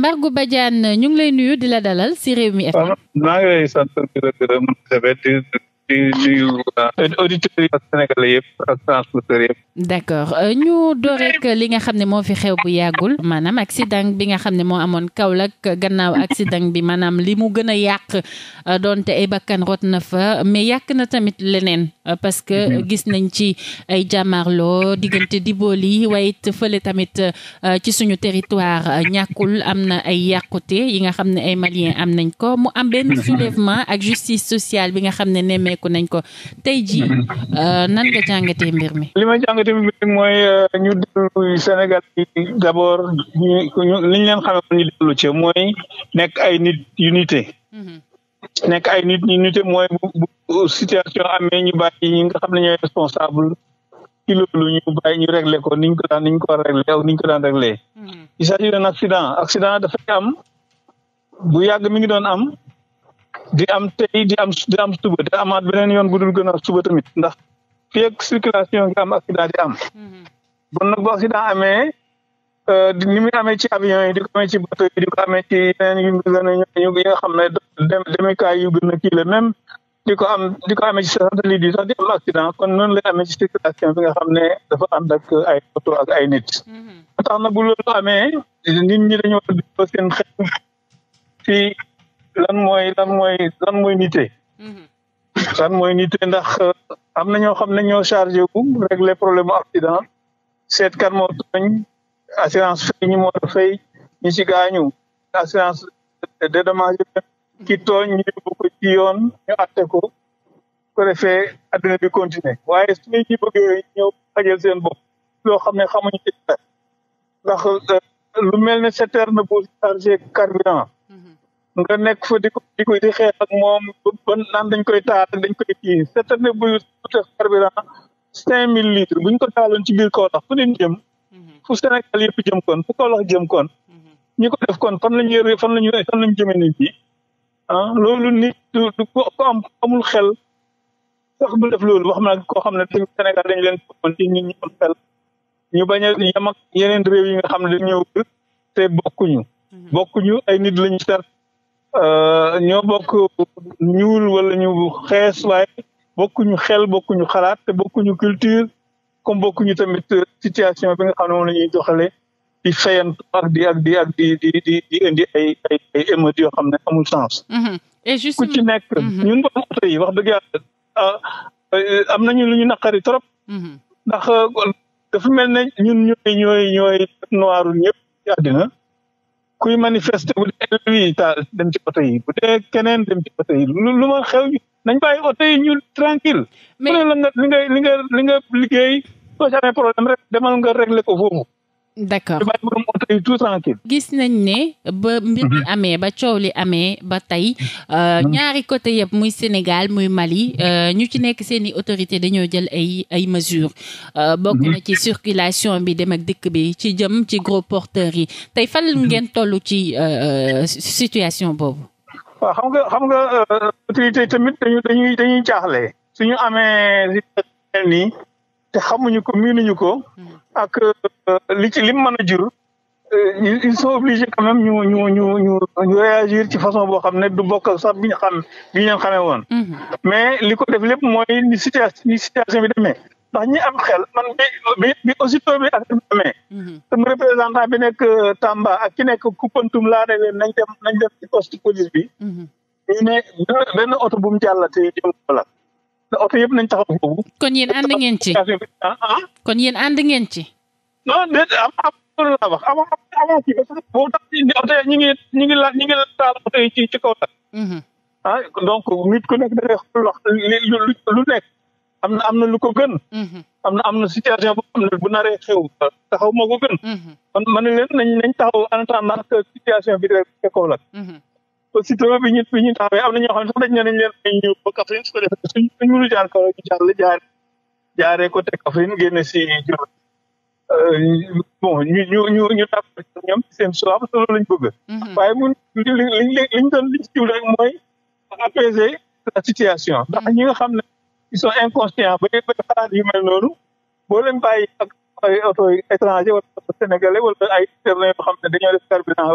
Mbargou Badiane ñu ngi lay nuyu di la dalal si réew mi FM. di d' accord ñu door rek li nga xam ne moo fi xew bu yàggul maanaam ak accident bi nga xam ne moo amoon Kaolack gannaaw accident bi maanaam li mu gën a yàq euh, doonte ay bakkan rot na fa mais yàkk na tamit leneen euh, parce que mhm. gis nañ ci ay jàmmarloo diggante Diboli waaye it fële tamit euh, ci suñu territoire ñàkkul am na ay yàqute yi nga xam ne ay Maliens am nañ ko mu am benn soulèvement ak justice sociale bi nga xam ne nemmeeku nañ ko tey ji euh, nan nga jàngatee mbir mi. li ma jàngatee mbir mi mooy euh, ñu dellu Sénégal yi d'abord ñu li ñu leen xamee ñu dellu ci mooy nekk ay nit unité. Mhm. nekk ay nit unité mooy bu situation amee ñu bàyyi ñi nga xam ne ñooy responsable ci loolu ñu bàyyi ñu réglé ko niñ ko daan ko réglé aw niñ ko daan réglé. Mhm. il s'agit dafay am bu yàgg mi ngi doon am. di am tey di am di am suba beneen yoon bu dul gën a suba tamit ndax fii circulation nga am accident di am. Mm-hmm. bon nag bu accident amee euh, ni muy amee ci avion yi di ko amee ci bateau yi di ko amee ci yeneen yu a ñëw yi nga xam ne kii la même di ko am di ko amee ci satellite yi sax di am accident kon noonu lay amee ci circulation bi nga xam ne dafa ànd ak ay oto ak ay nit. Mm-hmm. tax na bu loolu amee nit ñi dañoo war a seen xel ci. lan mooy lan mooy lan mooy nité mhm. lan mooy nité ndax euh, am na ñoo xam ne ñoo chargé wu régler problème accident seet kan moo tooñ assurance fay ñi moo fay ñi ci gaañu assurance euh, dédommage ki tooñ ñu yoon ñu atte ko ko defee bi continuer waaye su ñu bëggee ñëw xajal seen bopp xam ne xamuñu euh, lu mel ne setter na bu chargé carburant nga nekk fa di ko di ko di xeex ak moom ba naan dañ koy taata dañ koy kii cette année bu tuuti carburant cinq mille litres bu ñu ko taaloon ci biir Kaolack fu leen jëm mhm. fu Sénégal yëpp jëm kon fu Kaolack jëm kon mhm. ñi ko def kon fan la ñu yore fan la ñu fan la ñu jëmee nit ñi ah loolu nit du du ko am amul xel sax bu def loolu wax na koo xam ne tamit Sénégal dañ leen foogoon ci ñun ñu am xel ñu bañ a yem ak yeneen réew yi nga xam ne dañ ñëw te bokkuñu mhm. bokkuñu ay nit lañu sart Euh, ñoo bokk ñuul wala ñu xees waaye bokkuñu xel bokkuñu xalaat te bokkuñu culture comme bokkuñu tamit situation bi nga xam ne moom la ñuy doxale di fayantu ak di ak di ak di di indi ay ay ay émeutes yoo xam ne amul sens. Mm-hmm. et ku ci nekk. Mm-hmm. ñun borom oto yi wax dëgg yàlla ah, euh, am nañu lu ñu naqari trop. Mm-hmm. ndax euh, dafa mel ne ñun ñooy ñooy noiru ñëpp ci àddina. kuy manifester bu dee lui taal dem ci oto yi bu dee keneen dem ci oto yi lu lu xew nañ bàyyi oto yi ñu tranquille nga li nga li nga li nga liggéey soo ci amee problème rek demal nga régler ko foofu d'accord tout tranquille gis nañ ne ba mbir mi mhm. amee ba coow li amee ba tey euh, mhm. ñaari côté yëpp muy Sénégal muy Mali euh, mhm. ñu ci nekk seen i autorité dañoo jël ay ay mesures euh, bokk na ci circulation bi dem ak dikk bi ci jëm ci gros porteurs yi tey fan ngeen toll ci situation boobu waaw xam nga xam nga autorité tamit dañuy dañuy jaaxle suñu amee nii te xamuñu ko miinuñu ko hmm. ak euh, li ci lim mën a jur euh, ils soo obligés quand même ñu ñu ñu ñu ñu réagir ci façon boo xam ne du bokk ak sax bi ñu xam bi ñu xamee woon hmm. mais li ko def lépp mooy ni situation ni situation bi demee ndax ñi am xel man bi bi bi aussitôt bi ak bi demee hmm. sama représentant bi nekk euh, Tamba ak ki nekk Koupantoum laa ne leen nañ dem nañ dem ci poste police bi ñu benn oto bu mu jàllate jël la oto yëpp nañ taxaw foofu. kon yéen ànd ngeen ci ah, ah, ah. kon yéen ànd ngeen ci. non déet am am loolu laa wax avant avant kii ñu ngi ñu ngi la ñu ngi la taal ci ci kaw tax. Mhm. ah donc nit ku nekk da lu nekk am na am na lu ko gën. Mhm. am na am na situation boo bu naree xew taxaw moo ko gën. Mhm. kon man leen nañ nañ taxaw en attendant que situation bi rek ci aussitôt bi ñu bi ñu taxawee am na ñoo xam ne sax dañ ñu ba Kaffrine ko defee suñ suñ mënu jaar kaw ñu jàll jaar si Diourbel euh, ñu ñu ñu ñu d'accord ñoom seen soif loolu lañ bëgg. Mhm. waaye mun liñ liñ liñ doon liñ rek mooy apaiser la situation. Mhm. ndax ñi nga xam ne ils sont inconscients ba ba xalaat yu mel noonu boo bàyyi ak ay auto étranger wala auto sénégalais ay terrain yoo xam ne dañoo def carburant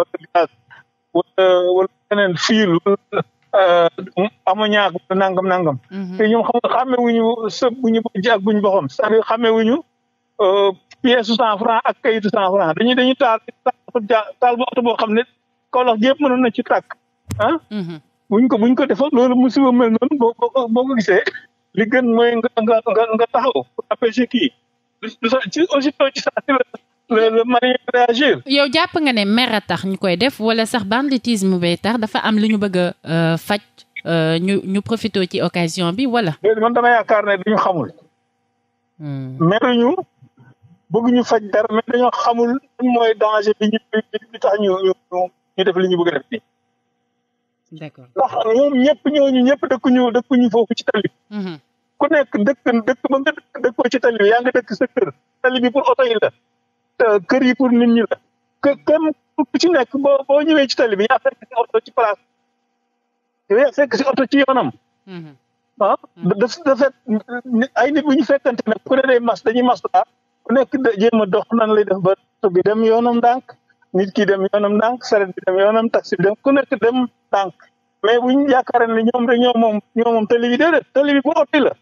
wala wala keneen fiil wala uh, ammoniac nangam nangam. Mhm. te ñoom xam nga xàmme wuñu sëb bu ñu bëj ak bu ñu boxam c'est-à-dire xàmme uh, ak kayitu cent franc dañuy dañuy taal boo xam ne Kaolack yëpp mënoon na ci tàkk ah. Mhm. buñ ko buñ ko defal loolu musiba mel noonu boo ko gisee li gën mooy nga nga nga taxaw pour empêcher kii ci aussitôt le Mali réagir. yow jàpp nga ne mer a tax ñu koy def wala sax banditisme bee tax dafa am lu ñu bëgg a euh, faj euh, ñu ñu profité ci occasion bi wala. léegi man dama yaakaar ne dañu xamul. Hmm. meruñu bëgg ñu faj dara mais dañoo xamul mooy danger bi ñu bi tax ñu ñu def li ñu bëgg a def nii. d'accord ndax ñoom ñëpp ñooñu ñëpp dëkkuñu dëkkuñu foofu ci tali. Hmm. ku nekk dëkk ba nga dëkk dëkkoo ci nga dëkk sa tali bi pour oto yi la. Euh, kër yi pour nit ñi la que kenn ci nekk boo boo ñëwee ci tali bi yaa fekk si oto ci place bi yaa fekk si oto ci yoonam. Mm-hmm. ah mm-hmm. da ay nit bu ñu fekkante ne ku ne day mas dañuy mas laa ku nekk da jéem a dox nan lay def ba oto dem yoonam ndànk nit ki dem yoonam ndànk saret bi dem yoonam taxi bi dem ku nekk dem ndànk mais bu ñu yaakaaree ne ñoom rek ñoo moom ñoo moom tali bi déedéet tali bi bu oto la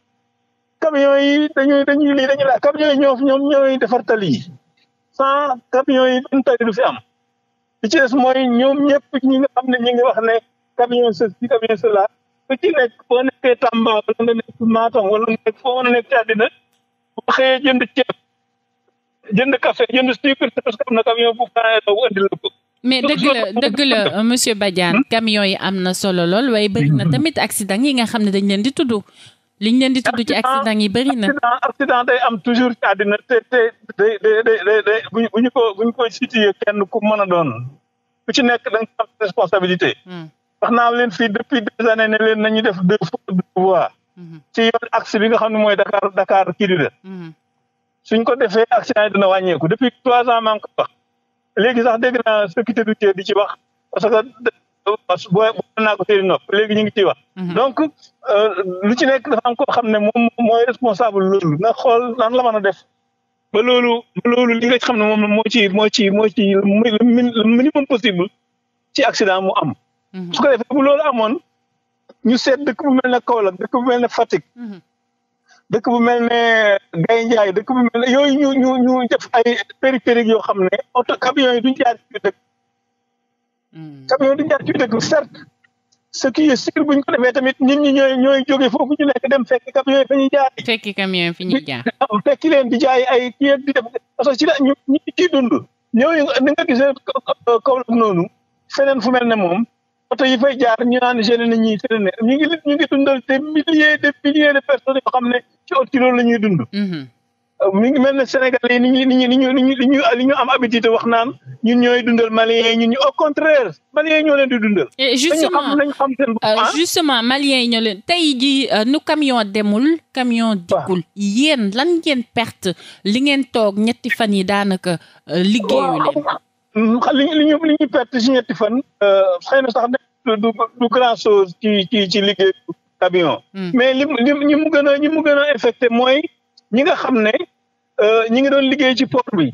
camion yi dañuy dañuy lii dañuy la camion yi ñoom ñooy defar tali yi. sans camions yi benn tali du fi am li ci mooy ñoom ñëpp ñi nga xam ne ñi ngi wax ne camion ceci camion cela ku ci nekk boo nekkee Tamba wala nga nekk Matam wala nga nekk foo xëyee jënd ceeb jënd café jënd sucre parce que am na camion bu faa ko mais dëgg la dëgg la monsieur Badiane hmm? camion yi am na solo lool waaye bëri na hmm. tamit accident yi nga xam ne dañ leen di tudd liñ leen di tudd ci accident yi bëri na accident am toujours ci àddina te te day day day day bu ñu ko bu ñu ko kenn ku mën a doon ku ci nekk da nga am responsabilité hmm. wax naa leen fii depuis des années ne leen nañu def deux fois deux voies hmm. ci yoon bi nga xam ne mooy Dakar Dakar Kidira hmm. suñ ko defee accident yi dina wàññeeku depuis trois ans maa ko wax léegi sax dégg naa sécurité routière ci wax parce que parce que boo naa léegi ñu ngi ciy wax mhm. donc euh, lu ci nekk dafa am koo xam ne moom mooy responsable loolu na xool nan la mën a def ba loolu loolu li nga xam ne moom moo ci moo ci moo ci le minimum possible ci accident mu am mhm. su ko defee bu loolu amoon ñu seet dëkk bu mel ne Kaolack dëkk bu mel ne Fatick mhm. dëkk bu mel ne Gaye dëkk bu mel ne yooyu ñu ñu def ay périphérique yoo xam ne oto camions yi duñ jaar ci dëkk Hmm. camion du ñaar ci dëkk certes ce qui est bu ñu ko defee tamit nit ñi ñooy ñooy jóge foofu ñu nekk dem fekk camion yi fi ñuy jaar. fekki camion yi fi ñuy jaar. Ah, leen di jaay ay kii ak di def parce que ci la ñu ñu ciy dund. ñooñu ni nga gisee Kaolack noonu feneen fu mel ne moom oto yi fay jaar ñu naan gêné ñu ngi ñu ngi dundal des milliers des milliers de personnes yoo xam ne ci ot ci loolu la ñuy dund. Hmm. mi ngi mel ne Sénégal yi ni ñu ni ñu ni ñu ni ñu li ñu am habitude wax naan ñu ñooy dundal Maliens yi ñun ñu au contraire Maliens yi ñoo leen di dundal. justement xam seen bopp euh, ah. justement Maliens yi ñoo leen tey jii euh, nu camion demul camion dikkul yéen lan ngeen perte li ngeen toog ñetti fan yi daanaka euh, liggéeyu leen. li ñu ñu perte si ñetti fan. xëy na sax du du grand chose ci ci liggéeyu camion. Hmm. mais li mu li mu gën a li mooy. ñi nga xam ne Euh, ñi ngi doon liggéey ci port bi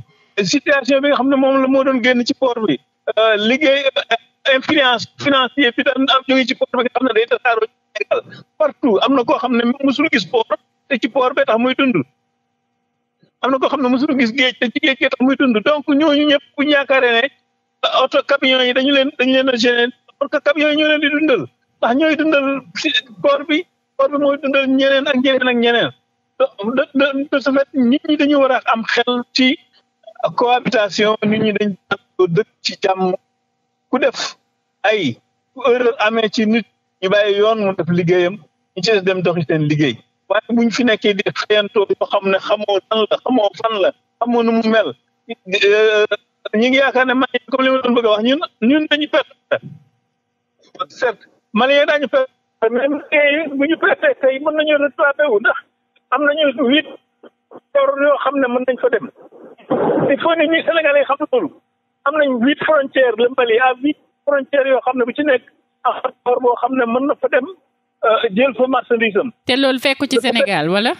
situation bi nga xam ne moom la moo doon génn ci port bi euh, liggéey euh, influence financier bi tam am jóge ci port bi nga xam ne day tasaaroo ci partout am na koo xam ne mosul gis port te ci poor bi tax muy dund am na koo xam ne mosul gis géej te ci géej gi tax muy dund donc ñu ñëpp bu ñu yaakaaree ne oto camion yi dañu leen dañu leen a gêner parce que camion yi ñoo leen di dundal ndax ñooy dundal port bi port bi mooy dundal ñeneen ak ñeneen ak ñeneen de ce fait nit ñi dañu war a am xel ci cohabitation nit ñi dañ dëkk ci jàmm ku def ay erreur amee ci nit ñu bàyyi yoon mu def liggéeyam ñu ci dem doxi seen liggéey waaye buñ fi nekkee di fayantoo xam ne xamoo lan la xamoo fan la xamoo nu mu mel ñu ngi yaakaar ne malien comme li ma doon bëgg a wax ñun ñun dañu perte certes malien daañu perte mais bu ñu perte tey mën nañu rattrapé wu ndax am nañu huit aéroports yoo xam ne mën nañ fa dem il faut ne ñuy sénégalais xam loolu am nañ huit frontières le Mali a huit frontières yoo xam ne bu ci nekk ak port boo xam ne mën na fa dem euh, jël fa marchandise am. te loolu fekku ci Sénégal wala.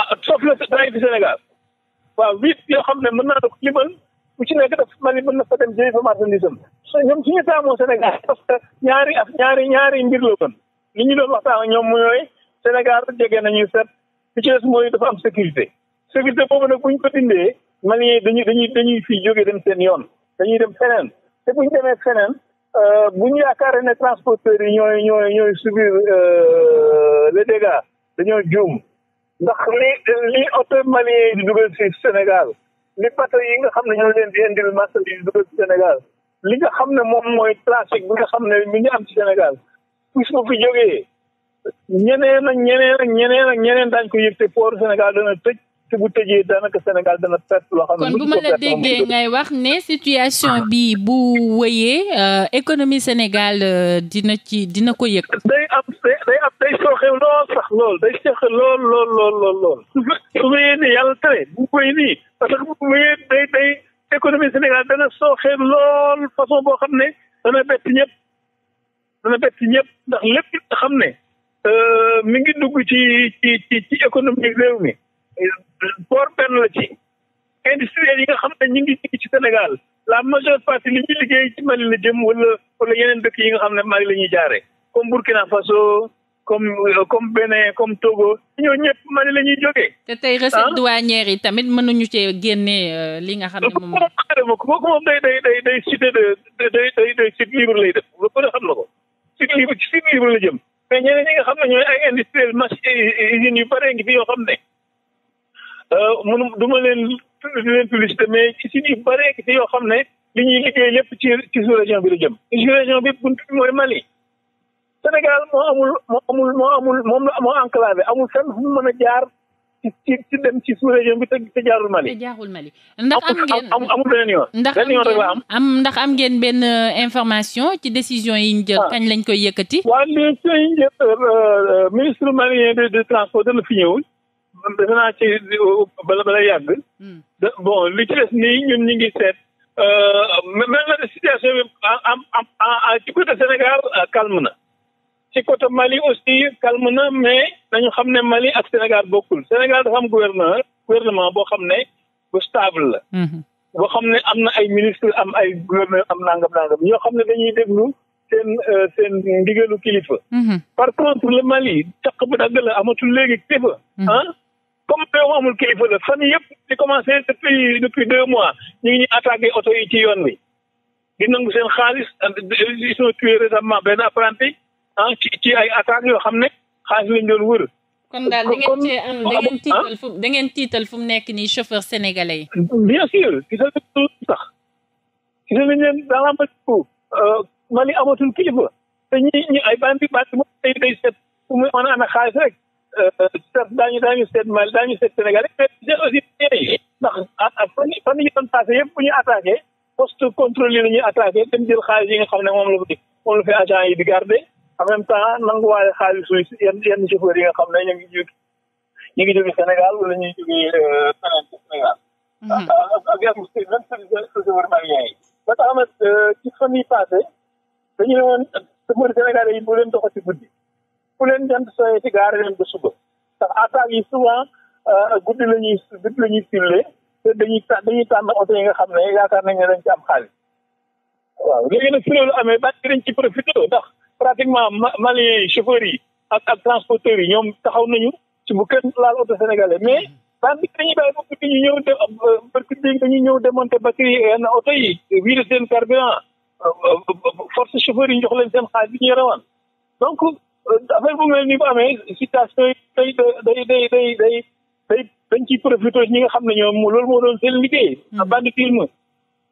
ah sauf le fi Sénégal waaw huit yoo xam ne mën naa la ko limal bu ci nekk daf Mali mën na fa dem jël fa marchandise am ñoom suñu taamoo Sénégal parce ñaari ak ñaari ñaari mbir la woon li ñu doon waxtaan ak ñoom mooy Sénégal jege nañu set. bi ci des mooy dafa am sécurité sécurité boobu nag bu ñu ko dindee maliens dañuy dañuy dañuy fii jógee dem seen yoon dañuy dem feneen te bu ñu demee feneen euh, bu ñu yaakaaree ne transporteurs yi ñooy ñooy ñooy subir euh, les dégâts dañoo juum ndax li li oto malien yi di dugal ci Sénégal li bateau yi nga xam ne ñoo leen di indil marchandise di dugal ci Sénégal li nga xam ne moom mooy trafic bi nga xam ne mi ngi am ci Sénégal puisque ñeneen ak ñeneen ak ñeneen ak ñeneen daañu ko yëg te port Sénégal dana tëj te bu tëjee daanaka Sénégal dana loo xam ne. kon bu ma la déggee ngay bu wëyee euh, économie Sénégal euh, dina ci dina ko yëg. day am day lool sax yàlla tere bu koy nii parce que bu Sénégal dana sooxe lool xam ne dana bett ñëpp dana bett ñëpp ndax lépp nga xam ne. Euh, mi ngi dugg ci ci ci ci économie mi boor benn la ci industriel yi nga xam ne ñu ngi liggéey ci senegal la majeure partie li ñuy liggéey ci Mali la jëm wala wala yeneen dëkk yi nga xam ne Mali la ñuy jaare comme Burkina Faso comme euh, comme Bénin comme Togo ñëw ñëpp Mali la ñuy jógee te tey recette ah? douanière yi tamit mën nañu cee génnee euh, li nga xam ne moom kooku moom day day day day cité de day day day site libre lay def ko xam na ko site libre ci site libre la jëm mais ñeneen ñi nga xam ne ñooy ay industriel machine usines yu bare ngi fi yoo xam ne euh, mënu du ma leen di leen publicité mais usines yu bare ngi fi yoo xam ne li ñuy liggéey lépp ci ci sous région bi la jëm ci région bi bunt bi mooy Mali Sénégal moo amul moo amul moo amul moom la moo enclavé amul fenn mu mën a jaar ci ci dem ci sous région bi te te jaarul Mali. te jaarul Mali ndax am ngeen amul amul beneen yoon. ndax beneen am. ndax am ngeen benn euh, information ci décision yi ñu jël. Ah. kañ lañ koy yëkkati. waaw léegi sëñ ministre malien de transport dana fi ñëw. Euh, bala bala yàgg. Hmm. bon li ci des nii ñun ñu ngi seet. Euh, même la situation bi en en en ci côté Sénégal calme na. ci côté Mali aussi calme na mais dañu xam ne Mali ak Sénégal bokkul Sénégal dafa am gouverneur gouvernement boo xam ne bu stable la. Mhm. boo xam ne am na ay ministre am ay gouverneur am nangam nangam ñoo xam ne dañuy déglu seen euh, seen ndigalu kilifa. Mhm. par contre le Mali caq bu dagg la amatul léegi kilifa. ah comme réew amul kilifa la fan yëpp di commencé depuis depuis deux mois ñu ngi ñuy attaqué oto yi ci yoon bi di nangu seen xaalis ils ont tué récemment ah ci ci ay attaques yoo xam ne xaalis lañ doon wër. kon daal da ngeen cee am da ngeen tiital fu da ngeen tiital fu mu nekk nii chauffeur sénégalais yi. bien sûr gisal nañ sax gisal nañ leen dans la météo euh, Mali amatul kilifa te ñi ñi ay bandi bandi moom day day seet fu mu mën a amee xaalis rek euh, seet daañu daañu seet Mali daañu seet Sénégal mais gisal aussi ndax ak fan yii fan yii doon passé yëpp bu ñu attaqué poste contrôle yi la ñuy attaqué dem jël xaalis yi nga xam ne moom la ko moom la fi agent yi di garder. en même temps nanguwaale xaalisu yenn yenn chauffeurs yi nga xam ne ñu ngi jóg ñu ngi jóge Sénégal wala ñuy jógee euh, feneen ci Sénégal. Mhm. ak ah, yenn ah, ah, même chauffeurs malien yi. ba tax na euh, ci fan yii passé dañu ne woon chauffeurs yi bu leen guddi bu leen jant sooyee ci gaare leen ba suba ndax attaques yi souvent euh, guddi la ñuy guddi la ñuy filé te dañuy dañuy tànn oto yi nga xam ne yaakaar nañ ne dañ ci am xaalis waaw léegi nag su loolu amee bàcc nañ ci profité ndax. pratiquement ma yi chauffeurs yi ak ak transporteurs yi ñoom taxaw nañu ci bu kenn laal oto sénégalais mais daan bi dañuy bàyyi bokk di ñu ñëw de euh, barki dégg dañuy ñëw démonter batterie yenn oto yi virus seen carburant euh, force chauffeurs yi jox leen seen xaalis bi ñuy rawaan donc euh, affaire bu mel ni bu amee situation yi day day day day day day dañ ciy profité ñi nga xam ne ñoom loolu moo doon seen liggéey. Hmm. bandit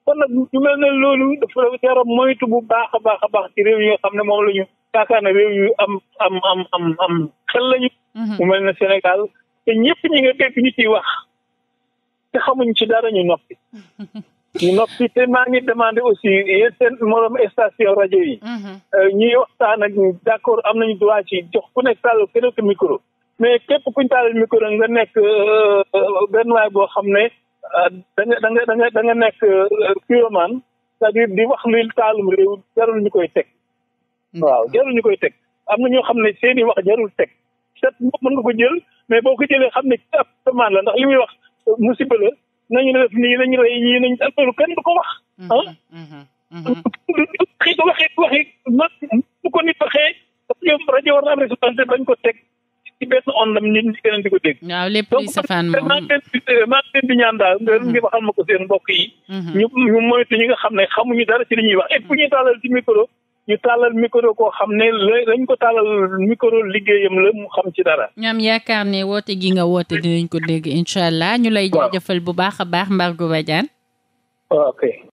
kon nag ñu mel ne loolu dafa jara moytu bu baax a baax a baax ci réew yi nga xam ne moom lañu ñu yaakaar réew yu am am am am am xel lañu mhm. mu mel na Sénégal te ñëpp ñi nga dégg ñu ci wax te xamuñ ci dara ñu noppi ñu noppi te maa ngi demandé aussi yéen seen morom station rajo yi mhm. euh, ñuy waxtaan ak d' accord am nañu droit ci jox ku nekk tàllal keneen micro mais képp kuñ taal micro nga nekk euh, euh, benn waay boo xam ne Euh, da nga da da nga da nga nekk euh, pyroman cest di wax luy taalum réew jarul ñu koy teg waaw jarul ñu koy teg am na ñoo xam ne seen i wax jarul teg set mën nga ko jël mais boo ko jëlee xam ne ci ab la ndax li muy wax musiba la nañu def nii nañu rey ñii nañu def loolu kenn du ko wax mm-hmm, ah waxee waxee man bu ko nit waxee rajo war na am responsabilité bañ ko teg ci benn ondam nit ñi gën a ko dégg. waaw lépp luy safaan moom di ñaan daal mm-hmm. ngeen ngi waxal ma mm-hmm. ñu ñi nga xam ne xamuñu dara ci li ñuy wax et bu ñuy tàllal ci micro. ñu tàllal micro koo xam ne lañ ko tàllal micro liggéeyam la mu xam ci dara. ñoom yaakaar ne woote gi nga woote dinañ ko dégg incha allah. ñu lay jaajëfal bu baax a baax Mbargou Badiane. Ah, ok.